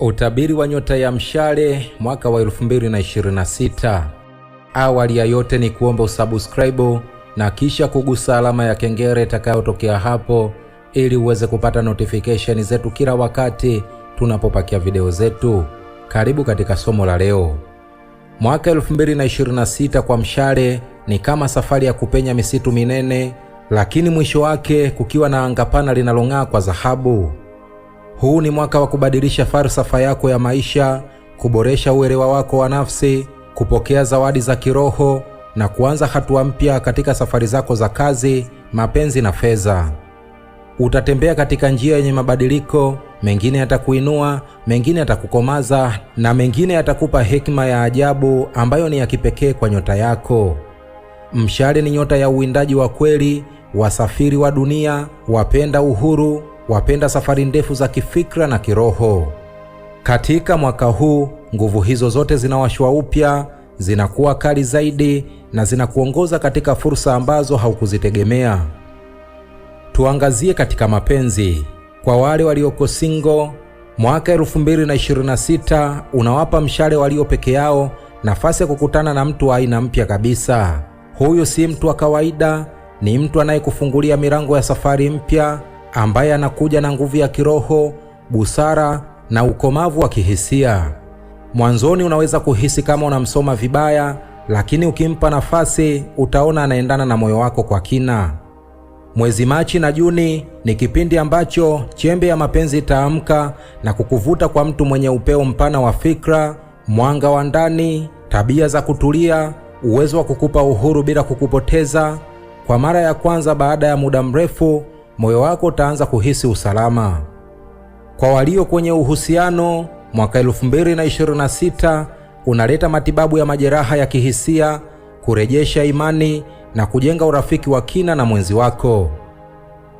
Utabiri wa nyota ya mshale mwaka wa 2026. Awali ya yote ni kuomba usubscribe na kisha kugusa alama ya kengele itakayotokea hapo ili uweze kupata notification zetu kila wakati tunapopakia video zetu. Karibu katika somo la leo. Mwaka 2026 kwa mshale ni kama safari ya kupenya misitu minene, lakini mwisho wake kukiwa na anga pana linalong'aa kwa dhahabu. Huu ni mwaka wa kubadilisha falsafa yako ya maisha, kuboresha uelewa wako wa nafsi, kupokea zawadi za kiroho na kuanza hatua mpya katika safari zako za kazi, mapenzi na fedha. Utatembea katika njia yenye mabadiliko, mengine yatakuinua, mengine yatakukomaza na mengine yatakupa hekima ya ajabu ambayo ni ya kipekee kwa nyota yako. Mshale ni nyota ya uwindaji wa kweli, wasafiri wa dunia, wapenda uhuru wapenda safari ndefu za kifikra na kiroho. Katika mwaka huu nguvu hizo zote zinawashwa upya, zinakuwa kali zaidi na zinakuongoza katika fursa ambazo haukuzitegemea. Tuangazie katika mapenzi. Kwa wale walioko single, mwaka 2026 unawapa mshale walio peke yao nafasi ya kukutana na mtu wa aina mpya kabisa. Huyu si mtu wa kawaida, ni mtu anayekufungulia milango ya safari mpya ambaye anakuja na nguvu ya kiroho, busara na ukomavu wa kihisia. Mwanzoni unaweza kuhisi kama unamsoma vibaya, lakini ukimpa nafasi utaona anaendana na moyo wako kwa kina. Mwezi Machi na Juni ni kipindi ambacho chembe ya mapenzi itaamka na kukuvuta kwa mtu mwenye upeo mpana wa fikra, mwanga wa ndani, tabia za kutulia, uwezo wa kukupa uhuru bila kukupoteza. Kwa mara ya kwanza baada ya muda mrefu moyo wako utaanza kuhisi usalama. Kwa walio kwenye uhusiano, mwaka 2026 unaleta matibabu ya majeraha ya kihisia, kurejesha imani na kujenga urafiki wa kina na mwenzi wako.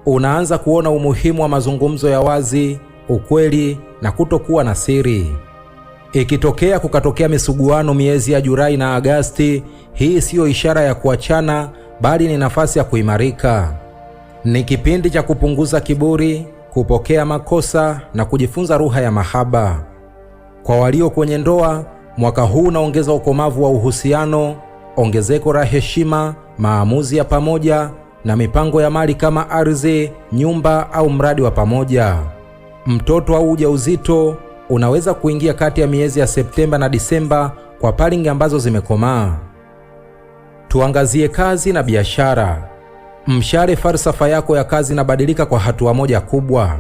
Unaanza kuona umuhimu wa mazungumzo ya wazi, ukweli na kutokuwa na siri. Ikitokea kukatokea misuguano miezi ya Julai na Agasti, hii siyo ishara ya kuachana, bali ni nafasi ya kuimarika. Ni kipindi cha kupunguza kiburi, kupokea makosa na kujifunza lugha ya mahaba. Kwa walio kwenye ndoa, mwaka huu unaongeza ukomavu wa uhusiano, ongezeko la heshima, maamuzi ya pamoja na mipango ya mali kama ardhi, nyumba au mradi wa pamoja. Mtoto au ujauzito unaweza kuingia kati ya miezi ya Septemba na Disemba kwa paringi ambazo zimekomaa. Tuangazie kazi na biashara mshale falsafa yako ya kazi inabadilika kwa hatua moja kubwa.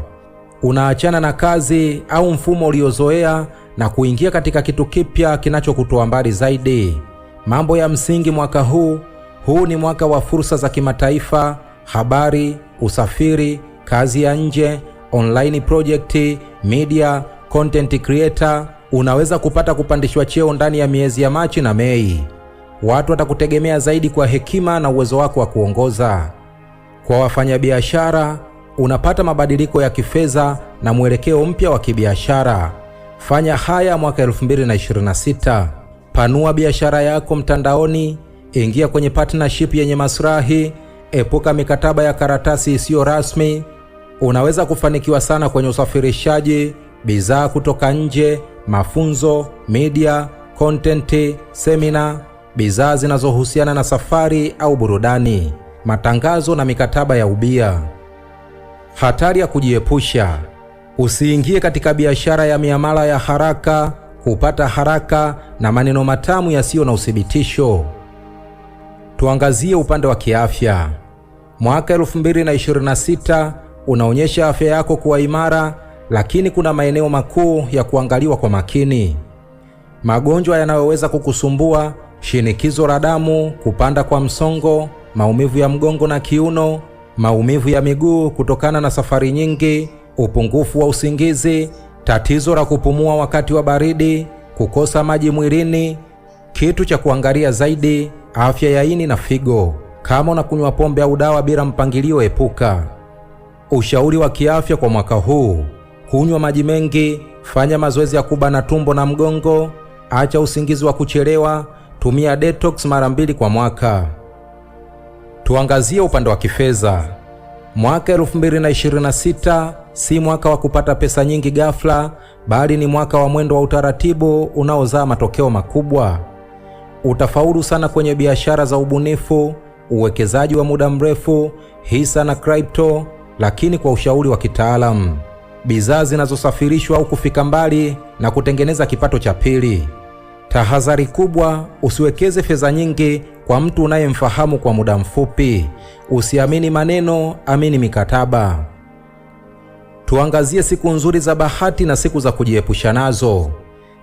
Unaachana na kazi au mfumo uliozoea na kuingia katika kitu kipya kinachokutoa mbali zaidi. Mambo ya msingi mwaka huu. Huu ni mwaka wa fursa za kimataifa, habari, usafiri, kazi ya nje, online project, media, content creator. Unaweza kupata kupandishwa cheo ndani ya miezi ya Machi na Mei. Watu watakutegemea zaidi kwa hekima na uwezo wako wa kuongoza. Kwa wafanyabiashara, unapata mabadiliko ya kifedha na mwelekeo mpya wa kibiashara. Fanya haya mwaka 2026. Panua biashara yako mtandaoni, ingia kwenye partnership yenye maslahi, epuka mikataba ya karatasi isiyo rasmi. Unaweza kufanikiwa sana kwenye usafirishaji, bidhaa kutoka nje, mafunzo, media, content, seminar, bidhaa zinazohusiana na safari au burudani matangazo na mikataba ya ubia. Hatari ya kujiepusha: usiingie katika biashara ya miamala ya haraka, kupata haraka na maneno matamu yasiyo na uthibitisho. Tuangazie upande wa kiafya. Mwaka 2026 unaonyesha afya yako kuwa imara, lakini kuna maeneo makuu ya kuangaliwa kwa makini. Magonjwa yanayoweza kukusumbua: shinikizo la damu, kupanda kwa msongo, maumivu ya mgongo na kiuno, maumivu ya miguu kutokana na safari nyingi, upungufu wa usingizi, tatizo la kupumua wakati wa baridi, kukosa maji mwilini. Kitu cha kuangalia zaidi, afya ya ini na figo. Kama unakunywa pombe au dawa bila mpangilio, epuka. Ushauri wa kiafya kwa mwaka huu: kunywa maji mengi, fanya mazoezi ya kubana tumbo na mgongo, acha usingizi wa kuchelewa, tumia detox mara mbili kwa mwaka. Tuangazie upande wa kifedha. Mwaka 2026 si mwaka wa kupata pesa nyingi ghafla, bali ni mwaka wa mwendo wa utaratibu unaozaa matokeo makubwa. Utafaulu sana kwenye biashara za ubunifu, uwekezaji wa muda mrefu, hisa na crypto, lakini kwa ushauri wa kitaalamu, bidhaa zinazosafirishwa au kufika mbali na kutengeneza kipato cha pili. Tahadhari kubwa: usiwekeze fedha nyingi kwa mtu unayemfahamu kwa muda mfupi. Usiamini maneno, amini mikataba. Tuangazie siku nzuri za bahati na siku za kujiepusha nazo.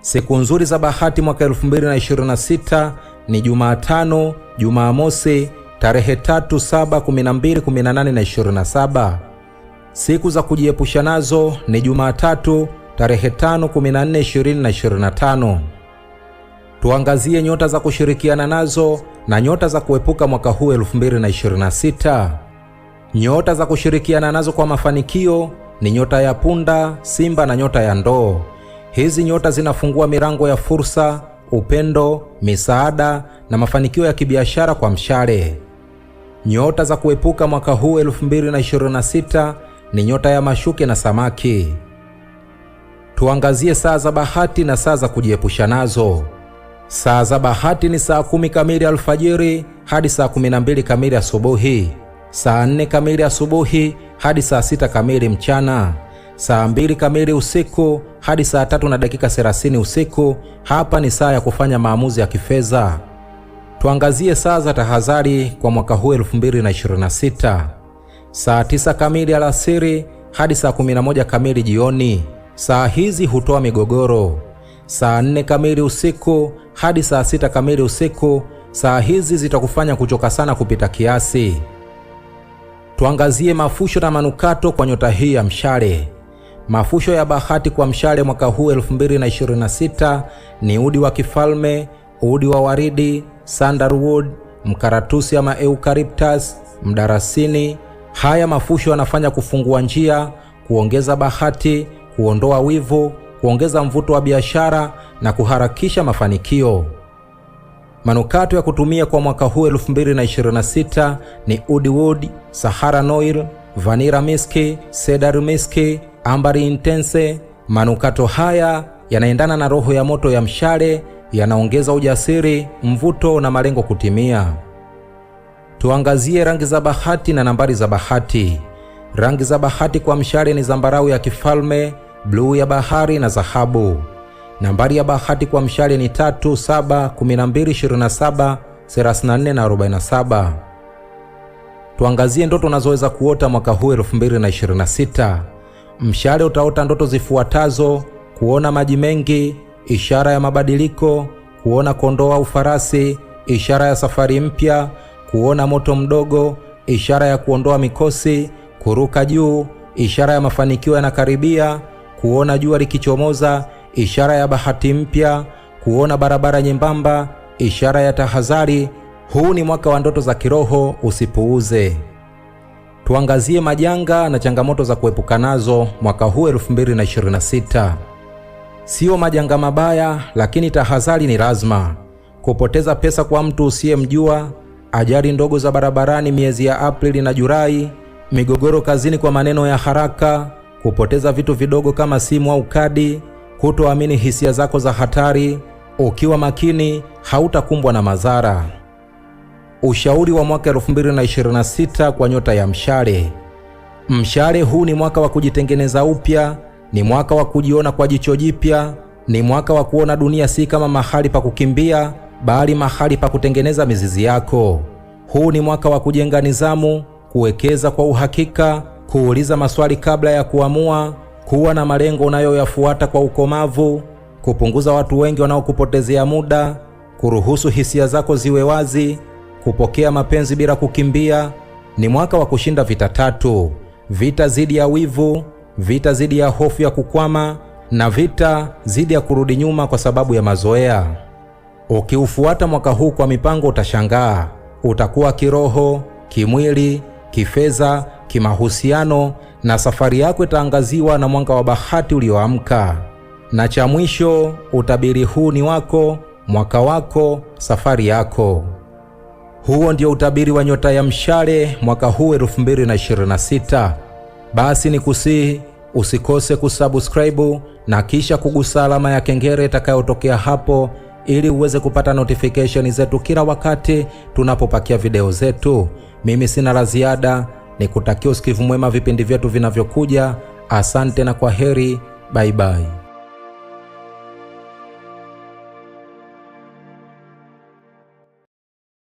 Siku nzuri za bahati mwaka 2026 ni Jumatano, Jumamosi, tarehe 3, 7, 12, 18 na 27. Siku za kujiepusha nazo ni Jumatatu tarehe 5, 14, 20 na 25. Tuangazie nyota za kushirikiana nazo na nyota za kuepuka mwaka huu 2026. Nyota za kushirikiana nazo kwa mafanikio ni nyota ya punda, simba na nyota ya ndoo. Hizi nyota zinafungua milango ya fursa, upendo, misaada na mafanikio ya kibiashara kwa mshale. Nyota za kuepuka mwaka huu 2026 ni nyota ya mashuke na samaki. Tuangazie saa za bahati na saa za kujiepusha nazo. Saa za bahati ni saa kumi kamili alfajiri hadi saa kumi na mbili kamili asubuhi, saa nne kamili asubuhi hadi saa sita kamili mchana, saa mbili kamili usiku hadi saa tatu na dakika thelathini usiku. Hapa ni saa ya kufanya maamuzi ya kifedha. Tuangazie saa za tahadhari kwa mwaka huu sita. Saa tisa kamili alasiri hadi saa moja kamili jioni. Saa hizi hutoa migogoro saa nne kamili usiku hadi saa sita kamili usiku. Saa hizi zitakufanya kuchoka sana kupita kiasi. Tuangazie mafusho na manukato kwa nyota hii ya mshale. Mafusho ya bahati kwa mshale mwaka huu 2026 ni udi wa kifalme, udi wa waridi, sandalwood, mkaratusi ama eucalyptus, mdarasini. Haya mafusho yanafanya kufungua njia, kuongeza bahati, kuondoa wivu kuongeza mvuto wa biashara na kuharakisha mafanikio. Manukato ya kutumia kwa mwaka huu 2026 ni Oudwood, Sahara Noir, Vanilla Miski, Cedar Miski, ambari Intense. Manukato haya yanaendana na roho ya moto ya mshale, yanaongeza ujasiri, mvuto na malengo kutimia. Tuangazie rangi za bahati na nambari za bahati. Rangi za bahati kwa mshale ni zambarau ya kifalme, bluu ya bahari na dhahabu. Nambari ya bahati kwa mshale ni 3, Tuangazie ndoto unazoweza kuota mwaka huu 2026. Mshale utaota ndoto zifuatazo: kuona maji mengi, ishara ya mabadiliko, kuona kondoo au farasi, ishara ya safari mpya, kuona moto mdogo, ishara ya kuondoa mikosi, kuruka juu, ishara ya mafanikio yanakaribia kuona jua likichomoza, ishara ya bahati mpya, kuona barabara nyembamba, ishara ya tahadhari. Huu ni mwaka wa ndoto za kiroho, usipuuze. Tuangazie majanga na changamoto za kuepuka nazo mwaka huu 2026. sio majanga mabaya, lakini tahadhari ni lazima: kupoteza pesa kwa mtu usiyemjua, ajali ndogo za barabarani miezi ya Aprili na Julai, migogoro kazini kwa maneno ya haraka, kupoteza vitu vidogo kama simu au kadi, kutoamini hisia zako za hatari. Ukiwa makini, hautakumbwa na madhara. Ushauri wa mwaka 2026 kwa nyota ya mshale. Mshale, huu ni mwaka wa kujitengeneza upya, ni mwaka wa kujiona kwa jicho jipya, ni mwaka wa kuona dunia si kama mahali pa kukimbia, bali mahali pa kutengeneza mizizi yako. Huu ni mwaka wa kujenga nidhamu, kuwekeza kwa uhakika kuuliza maswali kabla ya kuamua, kuwa na malengo unayoyafuata kwa ukomavu, kupunguza watu wengi wanaokupotezea muda, kuruhusu hisia zako ziwe wazi, kupokea mapenzi bila kukimbia. Ni mwaka wa kushinda vita tatu: vita dhidi ya wivu, vita dhidi ya hofu ya kukwama na vita dhidi ya kurudi nyuma kwa sababu ya mazoea. Ukiufuata mwaka huu kwa mipango, utashangaa. Utakuwa kiroho, kimwili, kifedha kimahusiano, na safari yako itaangaziwa na mwanga wa bahati ulioamka. Na cha mwisho, utabiri huu ni wako, mwaka wako, safari yako. Huo ndio utabiri wa nyota ya mshale mwaka huu 2026. Basi ni kusihi usikose kusubscribe na kisha kugusa alama ya kengele itakayotokea hapo ili uweze kupata notification zetu kila wakati tunapopakia video zetu. Mimi sina la ziada. Ni kutakia usikivu mwema vipindi vyetu vinavyokuja. Asante na kwa heri, baibai.